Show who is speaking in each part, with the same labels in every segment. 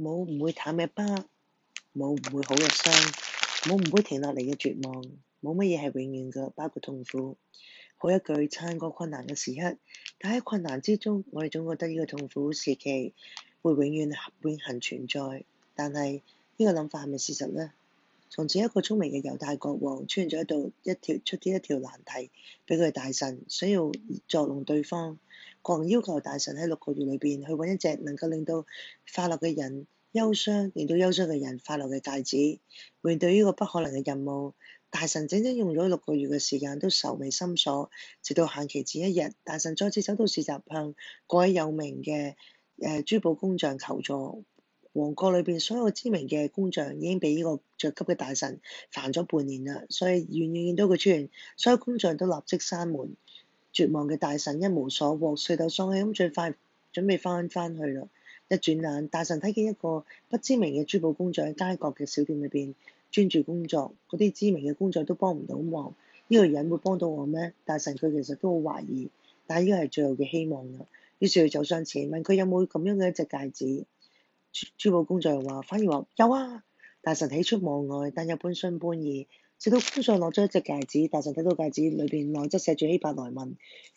Speaker 1: 冇唔會淡嘅疤，冇唔會好嘅傷，冇唔會停落嚟嘅絕望，冇乜嘢係永遠嘅，包括痛苦。好一句，撐過困難嘅時刻，但喺困難之中，我哋總覺得呢個痛苦時期會永遠永恆存在，但係呢個諗法係咪事實咧？從前一個聰明嘅猶太國王出現咗一道一條，一條出啲一條難題俾佢大臣，想要作弄對方。國王要求大臣喺六個月裏邊去揾一隻能夠令到快樂嘅人憂傷，令到憂傷嘅人快樂嘅戒指。面對呢個不可能嘅任務，大臣整，整整用咗六個月嘅時間都愁眉深鎖。直到限期前一日，大臣再次走到市集，向各位有名嘅誒珠寶工匠求助。皇國裏邊所有知名嘅工匠已經俾呢個着急嘅大臣煩咗半年啦，所以遠遠見到佢出現，所有工匠都立即閂門。絕望嘅大臣一無所獲，垂頭喪氣咁，最快準備翻翻去啦。一轉眼，大臣睇見一個不知名嘅珠寶工匠喺街角嘅小店裏邊專注工作，嗰啲知名嘅工匠都幫唔到忙，呢、這個人會幫到我咩？大臣佢其實都好懷疑，但係呢個係最後嘅希望啦。於是佢走上前問佢有冇咁樣嘅一隻戒指。珠寶工作人話，反而話有啊！大臣喜出望外，但又半信半疑。直到工匠攞咗一隻戒指，大臣睇到戒指裏邊內側寫住希伯來文，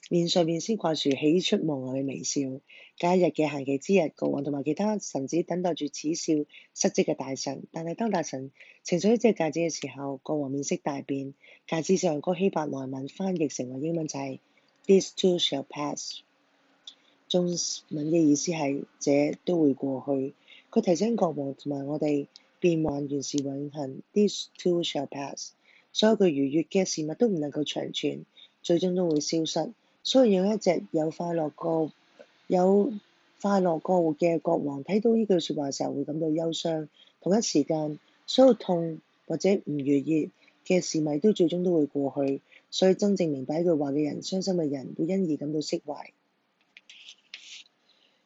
Speaker 1: 面上面先掛住喜出望外嘅微笑。假一日嘅限期之日，國王同埋其他臣子等待住恥笑失職嘅大臣。但係當大臣呈上一隻戒指嘅時候，國王面色大變。戒指上個希伯來文翻譯成為英文就係，This too shall pass。中文嘅意思係，這都會過去。佢提醒國王同埋我哋變幻原是永恆，this too shall pass。所有佢愉悅嘅事物都唔能夠長存，最終都會消失。所以有一隻有快樂過，有快樂過活嘅國王睇到呢句説話時候會感到憂傷。同一時間，所有痛或者唔愉悅嘅事物都最終都會過去。所以真正明白呢句話嘅人，傷心嘅人會因而感到釋懷。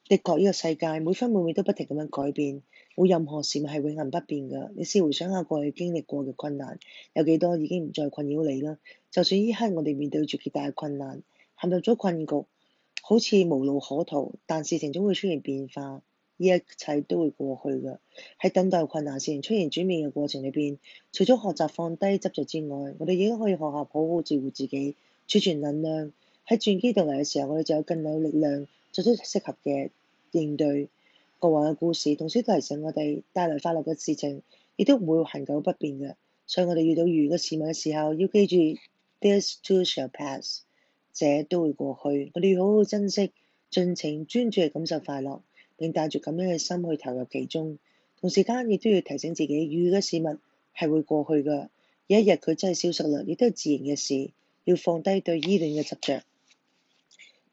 Speaker 1: 的確，呢個世界每分每秒都不停咁樣改變，冇任何事物係永恆不變㗎。你試回想下過去經歷過嘅困難有幾多，已經唔再困擾你啦。就算依刻我哋面對住極大嘅困難，陷入咗困局，好似無路可逃，但事情總會出現變化，呢一切都會過去㗎。喺等待困難時出現轉變嘅過程裏邊，除咗學習放低執着之外，我哋亦都可以學下好好照顧自己，儲存能量。喺轉機到嚟嘅時候，我哋就有更有力量。做出適合嘅應對，國王嘅故事，同時提醒我哋，帶來快樂嘅事情，亦都唔會恒久不變嘅。所以我哋遇到遇嘅事物嘅時候，要記住 This too shall pass，這都會過去。我哋要好好珍惜，盡情專注去感受快樂，並帶住咁樣嘅心去投入其中。同時間亦都要提醒自己，遇嘅事物係會過去嘅，有一日佢真係消失啦，亦都係自然嘅事，要放低對依戀嘅執着。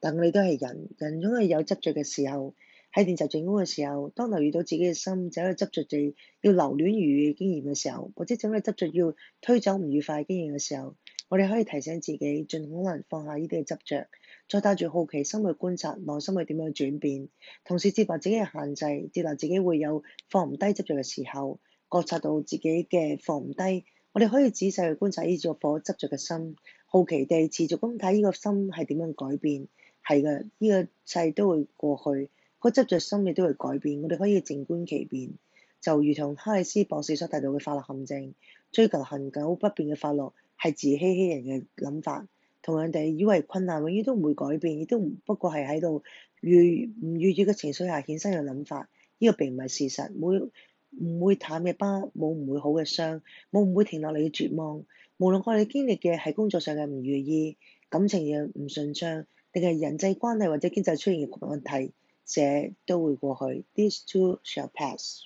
Speaker 1: 等你都係人，人總係有執着嘅時候，喺練習正觀嘅時候，當留意到自己嘅心就喺度執着地要留戀愉快經驗嘅時候，或者整日執着要推走唔愉快經驗嘅時候，我哋可以提醒自己盡可能放下呢啲嘅執着，再帶住好奇心去觀察內心係點樣轉變，同時接納自己嘅限制，接納自己會有放唔低執着嘅時候，覺察到自己嘅放唔低，我哋可以仔細去觀察呢座火執着嘅心，好奇地持續咁睇呢個心係點樣改變。係㗎，呢個世都會過去，個執着心亦都會改變。我哋可以靜觀其變，就如同哈里斯博士所提到嘅法律陷阱，追求恒久不變嘅法律係自欺欺人嘅諗法，同人哋以為困難永遠都唔會改變，亦都唔不，不過係喺度遇唔預遇嘅情緒下衍生嘅諗法。呢、這個並唔係事實，冇唔會淡嘅疤，冇唔會好嘅傷，冇唔會停落嚟嘅絕望。無論我哋經歷嘅係工作上嘅唔如意，感情嘅唔順暢。定係人際關係或者經濟出現問題，這都會過去。This too shall pass.